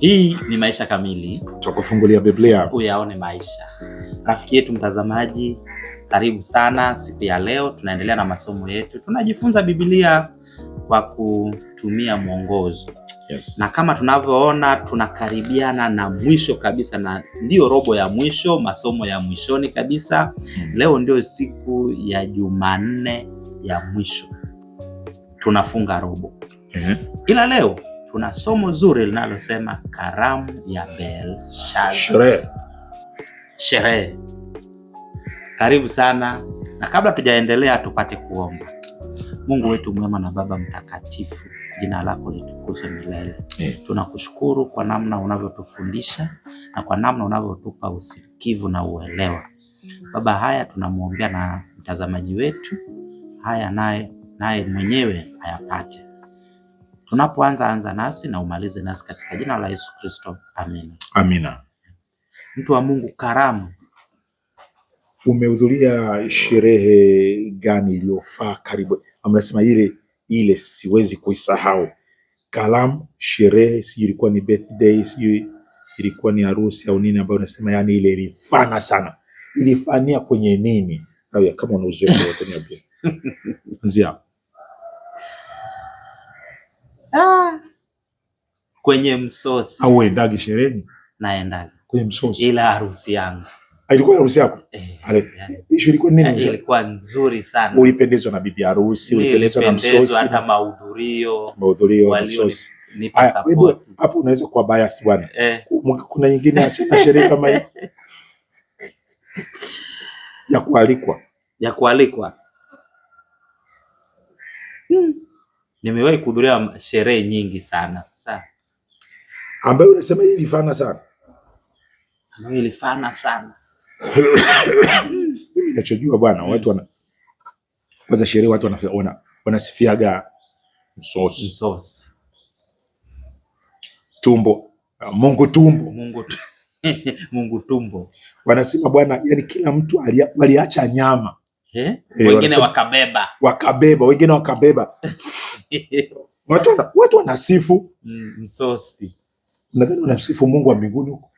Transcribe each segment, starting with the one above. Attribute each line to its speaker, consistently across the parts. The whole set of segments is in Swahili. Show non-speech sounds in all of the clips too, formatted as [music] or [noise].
Speaker 1: Hii ni Maisha Kamili,
Speaker 2: tukufungulia Biblia
Speaker 1: uyaone maisha. Rafiki yetu mtazamaji, karibu sana siku ya leo. Tunaendelea na masomo yetu, tunajifunza Biblia kwa kutumia mwongozo yes. Na kama tunavyoona tunakaribiana na mwisho kabisa, na ndio robo ya mwisho, masomo ya mwishoni kabisa. Hmm. Leo ndio siku ya Jumanne ya mwisho, tunafunga robo mm -hmm. Ila leo tuna somo zuri linalosema karamu ya Belshaza, sherehe Karibu sana, na kabla tujaendelea, tupate kuomba. Mungu wetu mwema na Baba mtakatifu, jina lako litukuzwe milele yeah. Tunakushukuru kwa namna unavyotufundisha na kwa namna unavyotupa usikivu na uelewa. Baba, haya tunamwombea na mtazamaji wetu, haya naye naye mwenyewe ayapate Tunapoanza anza nasi na umalize nasi katika jina la Yesu Kristo,
Speaker 2: amina. Amina.
Speaker 1: Mtu wa Mungu Karamu,
Speaker 2: umehudhuria sherehe gani iliyofaa? Karibu amnasema ile ile, siwezi kuisahau Karamu, sherehe si ilikuwa ni birthday, si ilikuwa ni harusi au nini, ambayo unasema yani ile ilifana sana, ilifania kwenye nini? Kama una uzoefu wote niambie. [laughs] Nzia
Speaker 1: Ah. kwenye msosi
Speaker 2: au uendagi shereni? Naendaga kwenye msosi,
Speaker 1: ila harusi yangu
Speaker 2: ah, ilikuwa harusi yako eh? Ale, ishu ilikuwa nini?
Speaker 1: Eh, ilikuwa nzuri sana.
Speaker 2: Ulipendezwa na bibi harusi? Ulipendezwa na msosi hata
Speaker 1: mahudhurio?
Speaker 2: Mahudhurio na msosi. Hapo unaweza kuwa bias bwana eh. Kuna nyingine achana sherehe kama hiyo [laughs] ya kualikwa
Speaker 1: ya kualikwa hmm nimewahi kuhudhuria sherehe nyingi sana. Sasa
Speaker 2: ambayo unasema hii ilifana sana,
Speaker 1: ambayo ilifana sana
Speaker 2: mimi nachojua bwana, watu wana kwanza sherehe, watu wanaona wanasifiaga msosi msosi, tumbo Mungu tumbo
Speaker 1: Mungu tu... [laughs] Mungu tumbo
Speaker 2: wanasema bwana, yani kila mtu waliacha nyama
Speaker 1: eh, eh wengine wakabeba
Speaker 2: wakabeba wengine wakabeba watu, wanasifu
Speaker 1: mm, msosi.
Speaker 2: Nadhani wanasifu Mungu wa mbinguni huko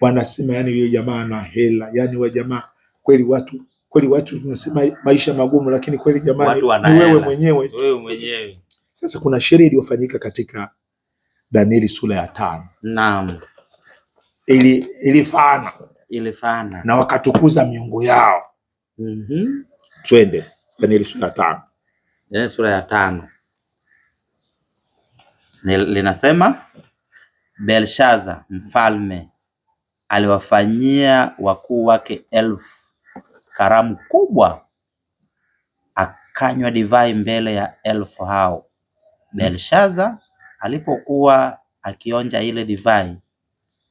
Speaker 2: Wanasema yani yule jamaa ana hela, yani wa jamaa kweli, watu kweli, watu tunasema maisha magumu, lakini kweli jamaa
Speaker 1: ni wewe mwenyewe, wewe mwenyewe.
Speaker 2: Sasa kuna sherehe iliyofanyika katika Danieli sura ya tano. Naam. Ili ilifana
Speaker 1: ilifana
Speaker 2: na wakatukuza miungu yao. Mhm. Mm, twende Danieli sura ya tano,
Speaker 1: Danieli eh, sura ya tano linasema Belshaza mfalme aliwafanyia wakuu wake elfu karamu kubwa, akanywa divai mbele ya elfu hao. Belshaza alipokuwa akionja ile divai,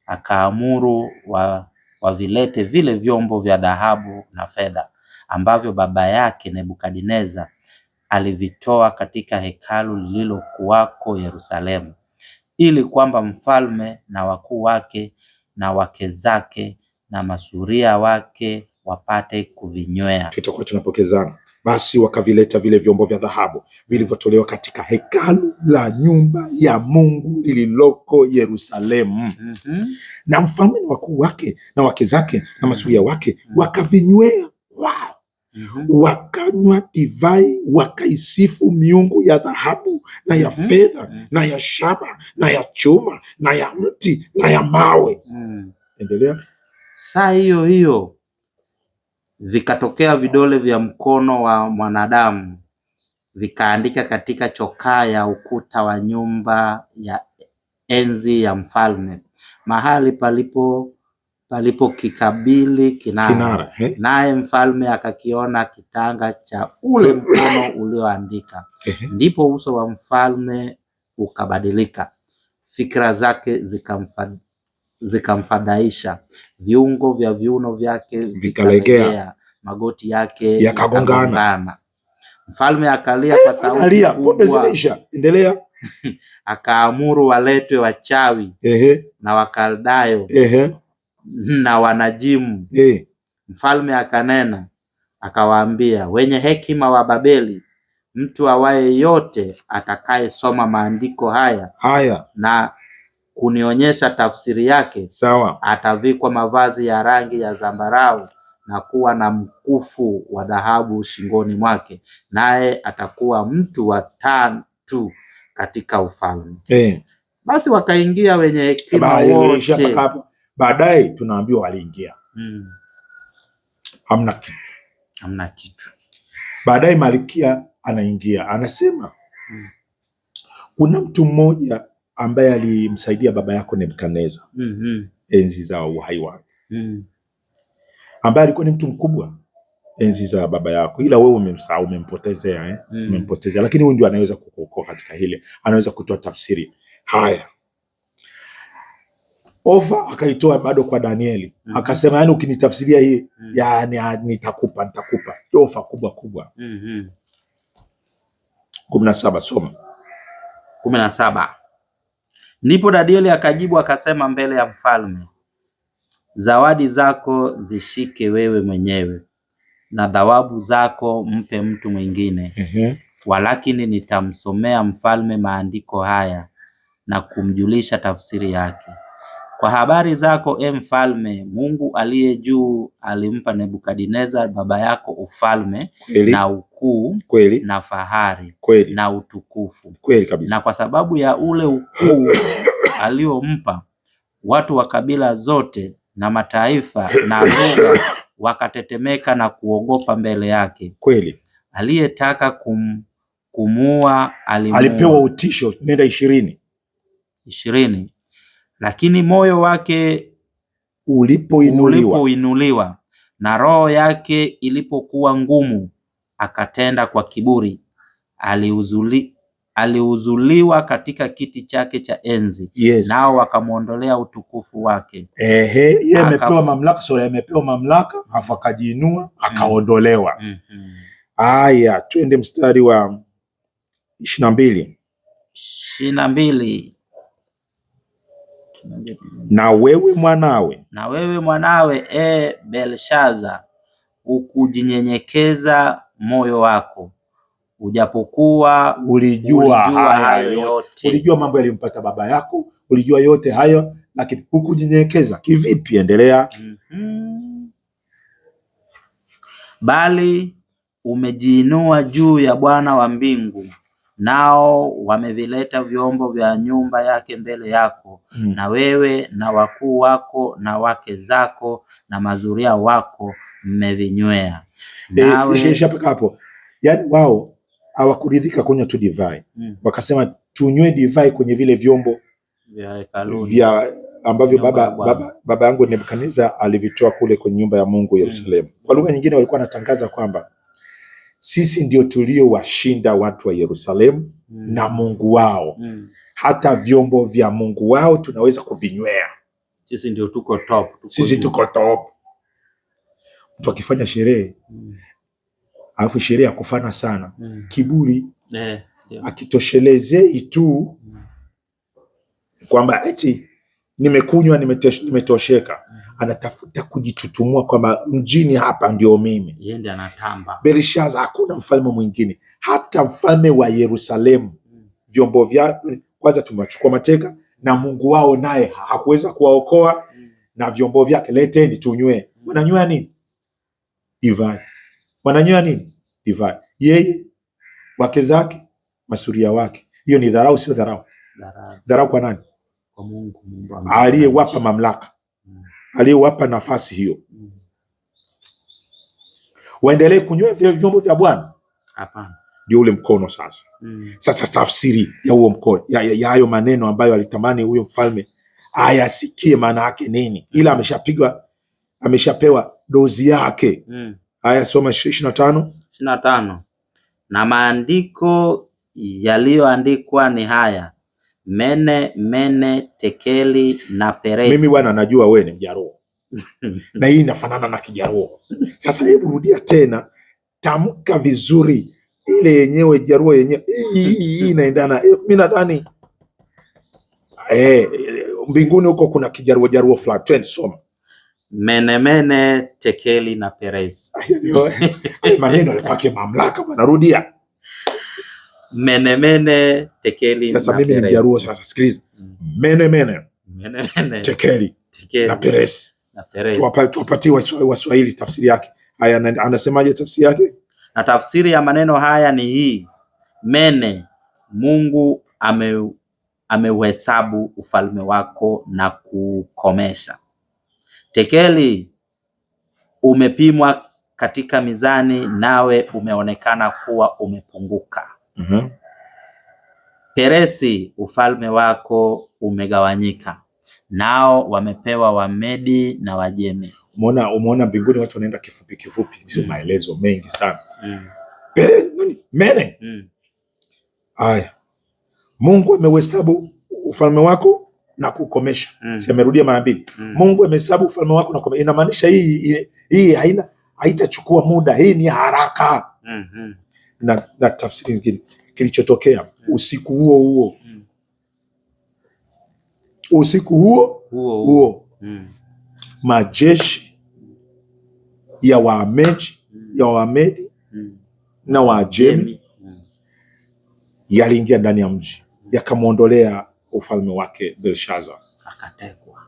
Speaker 1: akaamuru wa wavilete vile vyombo vya dhahabu na fedha ambavyo baba yake Nebukadneza alivitoa katika hekalu lililokuwako Yerusalemu, ili kwamba mfalme na wakuu wake na wake zake na masuria wake wapate kuvinywea.
Speaker 2: Tutakuwa tunapokezana basi wakavileta vile vyombo vya dhahabu vilivyotolewa katika hekalu la nyumba ya Mungu lililoko Yerusalemu. mm -hmm. Na mfalme na wakuu wake na wake zake na masuria wake mm -hmm. wakavinywea wao mm -hmm. wakanywa divai wakaisifu miungu ya dhahabu na ya mm -hmm. fedha mm -hmm. na ya shaba na ya chuma na ya mti na ya mawe mm. Endelea.
Speaker 1: Saa hiyo hiyo vikatokea vidole vya mkono wa mwanadamu vikaandika katika chokaa ya ukuta wa nyumba ya enzi ya mfalme mahali palipo alipokikabili kinara, kinara naye mfalme akakiona kitanga cha ule mkono ulioandika, ndipo uso wa mfalme ukabadilika, fikra zake zikamfadhaisha, zika viungo vya viuno vyake
Speaker 2: vikalegea,
Speaker 1: magoti yake
Speaker 2: yakagongana.
Speaker 1: Mfalme akalia eh,
Speaker 2: kwa sauti kubwa, endelea
Speaker 1: [laughs] akaamuru waletwe wachawi Ehe. na Wakaldayo Ehe na wanajimu hey. Eh. Mfalme akanena akawaambia, wenye hekima wa Babeli, mtu awaye yote atakayesoma maandiko haya haya na kunionyesha tafsiri yake, sawa, atavikwa mavazi ya rangi ya zambarau na kuwa na mkufu wa dhahabu shingoni mwake, naye atakuwa mtu wa tatu katika ufalme hey. Eh. Basi wakaingia wenye hekima wote
Speaker 2: baadaye tunaambiwa waliingia mm. hamna kitu,
Speaker 1: hamna kitu.
Speaker 2: Baadaye malkia anaingia anasema mm. kuna mtu mmoja ambaye alimsaidia baba yako Nebukadneza mm -hmm. enzi za uhai wake mm. ambaye alikuwa ni mtu mkubwa enzi za baba yako, ila wewe umemsahau, umempotezea eh? mm. umempotezea, lakini huyu ndio anaweza kukuokoa katika hili, anaweza kutoa tafsiri haya ofa akaitoa bado kwa Danieli mm. akasema yani, ukinitafsiria hii mm. Mm-hmm. yani yaani nitakupa nitakupa ofa kubwa kubwa mm -hmm. kumi na saba soma
Speaker 1: kumi na saba ndipo Danieli akajibu akasema mbele ya mfalme, zawadi zako zishike wewe mwenyewe na dhawabu zako mpe mtu mwingine mm -hmm. walakini nitamsomea mfalme maandiko haya na kumjulisha tafsiri yake kwa habari zako, e mfalme, Mungu aliye juu alimpa Nebukadnezar baba yako ufalme kweli, na ukuu kweli, na fahari kweli, na utukufu kweli kabisa. Na kwa sababu ya ule ukuu [coughs] aliompa, watu wa kabila zote na mataifa na lugha [coughs] wakatetemeka na kuogopa mbele yake. Kweli aliyetaka kum, kumua alimuua.
Speaker 2: Alipewa utisho, nenda ishirini
Speaker 1: ishirini lakini moyo wake
Speaker 2: ulipoinuliwa,
Speaker 1: ulipoinuliwa na roho yake ilipokuwa ngumu, akatenda kwa kiburi, aliuzuli, aliuzuliwa katika kiti chake cha enzi yes. Nao wakamwondolea utukufu wake.
Speaker 2: Ehe, yeye amepewa mamlaka, sio amepewa mamlaka halafu akajiinua akaondolewa. mm -hmm. Aya, twende mstari wa ishirini na mbili
Speaker 1: ishirini na mbili
Speaker 2: na wewe mwanawe,
Speaker 1: na wewe mwanawe, e Belshaza, ukujinyenyekeza moyo wako ujapokuwa
Speaker 2: ulijua, ulijua hayo yote. Ulijua mambo yaliyompata baba yako, ulijua yote hayo, lakini hukujinyenyekeza. Kivipi? Endelea. mm -hmm.
Speaker 1: Bali umejiinua juu ya Bwana wa mbingu nao wamevileta vyombo vya nyumba yake mbele yako mm. na wewe na wakuu wako na wake zako na mazuria wako mmevinywea.
Speaker 2: Eh, Nawe... E, hapo yani wao hawakuridhika kunywa tu divai mm. wakasema tunywe divai kwenye vile vyombo vya, vya ambavyo baba, baba, baba yangu Nebukadneza alivitoa kule kwenye nyumba ya Mungu hmm. Yerusalemu mm. kwa lugha nyingine walikuwa wanatangaza kwamba sisi ndio tuliowashinda watu wa Yerusalemu mm. na Mungu wao mm. hata vyombo vya Mungu wao tunaweza kuvinywea
Speaker 1: sisi, ndio tuko top, tuko
Speaker 2: sisi tuko top. Mtu akifanya sherehe mm. alafu sherehe akufana sana mm. kiburi eh, akitoshelezei tu mm. kwamba eti nimekunywa, mm. nimetosheka. Mm. Anatafuta kujitutumua kwamba mjini hapa ndio mimi.
Speaker 1: Yende anatamba.
Speaker 2: Belshaza, hakuna mfalme mwingine, hata mfalme wa Yerusalemu mm. vyombo vyake kwanza tumewachukua mateka na Mungu wao naye hakuweza kuwaokoa na vyombo vyake leteni tunywe. Wananywa nini? Divai. Wananywa nini? Divai. Yeye, wake zake, masuria wake. Hiyo ni dharau, sio dharau? Dharau kwa nani? kwa Mungu aliyewapa mamlaka, mm. aliyewapa nafasi hiyo. Mm. Waendelee kunywa vile vyombo vya Bwana? Hapana. Ndio ule mkono sasa. Mm. Sasa tafsiri ya huo mkono ya, ya, ya hayo maneno ambayo alitamani huyo mfalme ayasikie maana yake nini, ila ameshapigwa ameshapewa dozi yake. Mm. Aya, soma ishirini na tano ishirini
Speaker 1: na tano na maandiko yaliyoandikwa ni haya Mene, Mene, Tekeli na Peresi.
Speaker 2: Mimi bwana najua wewe ni Mjaruo [laughs] na hii inafanana na Kijaruo. Sasa hebu rudia tena, tamka vizuri ile yenyewe Jaruo yenyewe, hii inaendana. Eh, mimi nadhani eh, mbinguni huko kuna Kijaruo Jaruo flat. Twende soma.
Speaker 1: Mene, Mene, Tekeli na Peresi.
Speaker 2: Maneno alipake mamlaka bwana, rudia
Speaker 1: mene mene tekeli.
Speaker 2: Sasa mimi ni Mjaruo, sasa sikiliza, mm-hmm. mene mene tekeli na peresi, tuwapatie Waswahili tafsiri yake. Haya, anasemaje tafsiri yake?
Speaker 1: Na tafsiri ya maneno haya ni hii: mene, Mungu ame ameuhesabu ufalme wako na kukomesha. Tekeli, umepimwa katika mizani nawe umeonekana kuwa umepunguka mm -hmm. Peresi, ufalme wako umegawanyika, nao wamepewa Wamedi na Wajemi.
Speaker 2: Umeona, umeona mbinguni watu wanaenda kifupi kifupi, sio mm. maelezo mengi sana mm. Pere, nani? Mene mm. Aya, Mungu amehesabu ufalme wako na kukomesha mm. Simerudia mara mbili mm. Mungu amehesabu ufalme wako na kukomesha. Inamaanisha hii hii haina haitachukua muda, hii ni haraka mm -hmm na, na tafsiri nyingine kilichotokea usiku huo huo usiku huo
Speaker 1: huo, huo. Mm.
Speaker 2: majeshi ya Waameji hmm. ya Waamedi mm. na Waajemi mm. yaliingia ndani ya mji yakamwondolea ufalme wake Belshaza akatekwa.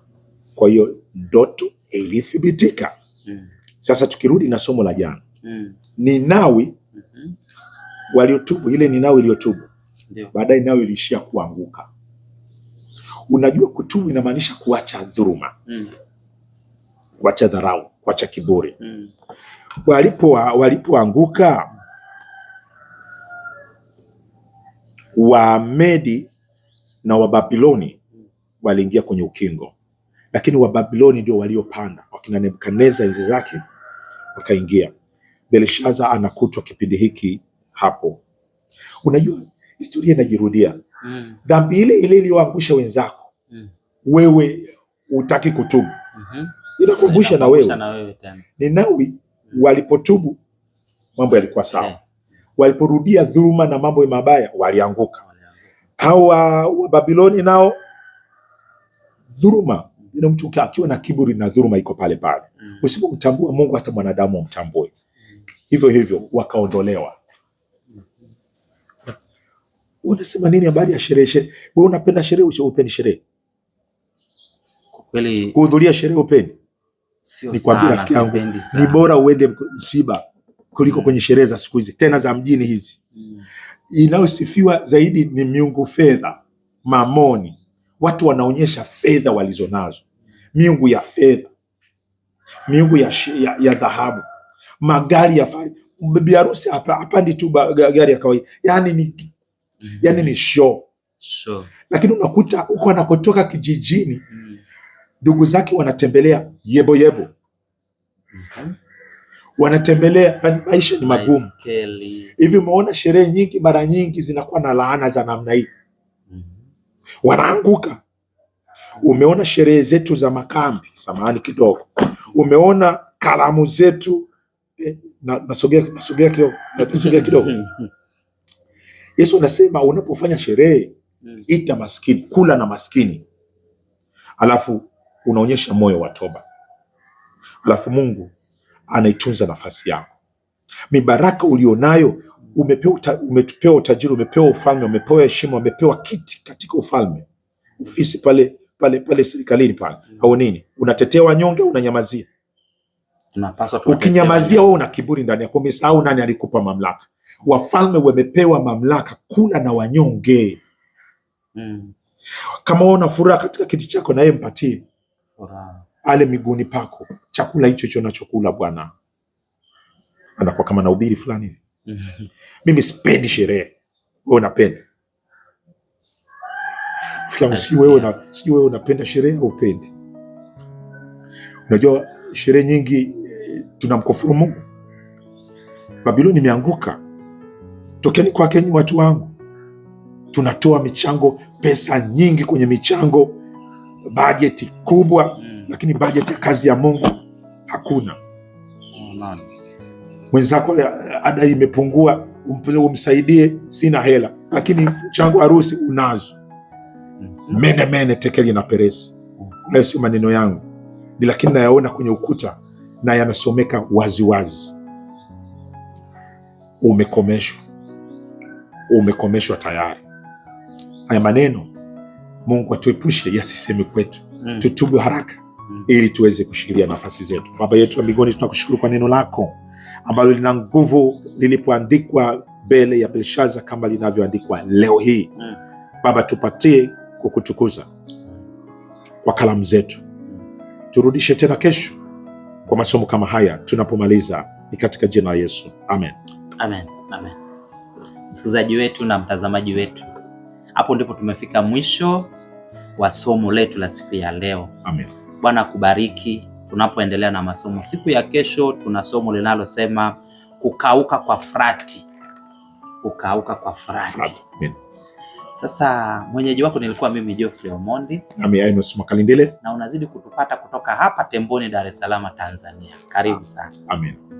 Speaker 2: Kwa hiyo ndoto ilithibitika. mm. Sasa tukirudi na somo la jana mm. Ninawi waliotubu, ile ni nao iliyotubu, baadaye nao iliishia kuanguka. Unajua, kutubu inamaanisha kuacha dhuruma mm. kuacha dharau, kuacha kiburi mm. walipo walipoanguka Wamedi na Wababiloni waliingia kwenye ukingo, lakini Wababiloni ndio waliopanda, wakina Nebukadneza enzi zake wakaingia. Belshaza anakutwa kipindi hiki hapo. Unajua historia inajirudia mm. dhambi ile ile iliyoangusha wenzako mm. wewe utaki kutubu mm -hmm. inakuangusha na wewe, na wewe tena. Ninawi mm. walipotubu mambo yalikuwa sawa yeah. waliporudia dhuluma na mambo mabaya walianguka. hao wa Babiloni nao dhuluma ina mtu akiwa na kiburi na dhuluma iko pale pale mm. Usipomtambua Mungu hata mwanadamu amtambue mm. Hivyo hivyo wakaondolewa unasema nini habari ya sherehe sherehe? Wewe unapenda sherehe upeni sherehe? Kwa kweli kuhudhuria sherehe upeni? Sio sana. Nikwambia rafiki yangu, ni bora uende msiba kuliko mm. kwenye sherehe za siku hizi tena za mjini hizi. Mm. Inayosifiwa zaidi ni miungu fedha, mamoni. Watu wanaonyesha fedha walizonazo, miungu ya fedha, miungu ya, ya, ya dhahabu, magari ya fahari. Bibi harusi hapandi tu gari ya kawaida, yani ni mm. yani ni show sure. Lakini unakuta huko anakotoka kijijini mm-hmm. ndugu mm. zake wanatembelea yebo yebo mm -hmm. wanatembelea, maisha ni magumu hivi. Umeona sherehe nyingi mara nyingi zinakuwa na laana za namna hii mm -hmm. wanaanguka Umeona sherehe zetu za makambi, samahani kidogo, umeona karamu zetu eh, nasogea nasogea kidogo, nasogea kidogo [laughs] Yesu anasema unapofanya sherehe mm. ita maskini, kula na maskini, alafu unaonyesha moyo wa toba, alafu Mungu anaitunza nafasi yako. Mibaraka ulionayo umepewa, umepewa utajiri, umepewa ufalme, umepewa heshima, umepewa kiti katika ufalme, ofisi pale pale pale serikalini pale mm. au nini, unatetea wanyonge, unanyamazia. Unapaswa, ukinyamazia wewe una kiburi ndani yako, umesahau nani alikupa mamlaka wafalme wamepewa mamlaka kula na wanyonge mm. Kama una furaha katika kiti chako, naye mpatie ale miguuni pako chakula hicho hicho nachokula. Bwana anakuwa kama naubiri fulani [laughs] Mimi sipendi sherehe, wewe unapenda eh. sijui wewe una, wewe unapenda sherehe au upendi? Unajua sherehe nyingi eh, tunamkufuru Mungu. Babiloni imeanguka Tokeni kwake nyi watu wangu. Tunatoa michango, pesa nyingi kwenye michango, bajeti kubwa mm. lakini bajeti ya kazi ya Mungu hakuna. mwenzako eh, ada imepungua, umsaidie, sina hela, lakini mchango harusi unazo. mm. mene mene tekeli na peresi. Hmm. Hayo sio maneno yangu, ni lakini nayaona kwenye ukuta na yanasomeka waziwazi Umekomeshwa umekomeshwa tayari. Haya maneno Mungu atuepushe yasiseme kwetu, mm. tutubu haraka mm. ili tuweze kushikilia nafasi zetu. Baba yetu wa mbinguni, tunakushukuru kwa neno lako ambalo lina nguvu, lilipoandikwa mbele ya Belshaza kama linavyoandikwa leo hii mm. Baba, tupatie kukutukuza kwa kalamu zetu, turudishe tena kesho kwa masomo kama haya tunapomaliza. Ni katika jina la Yesu, amen,
Speaker 1: amen. amen msikilizaji wetu na mtazamaji wetu. Hapo ndipo tumefika mwisho wa somo letu la siku ya leo. Amen. Bwana akubariki. Tunapoendelea na masomo siku ya kesho, tuna somo linalosema kukauka kwa Frati, kukauka kwa Frati. Amen. Sasa mwenyeji wako nilikuwa mimi Geoffrey Omondi
Speaker 2: nami Ainos Makalindele,
Speaker 1: na unazidi kutupata kutoka hapa Temboni, Dar es Salaam, Tanzania. Karibu ah, sana.
Speaker 2: Amen.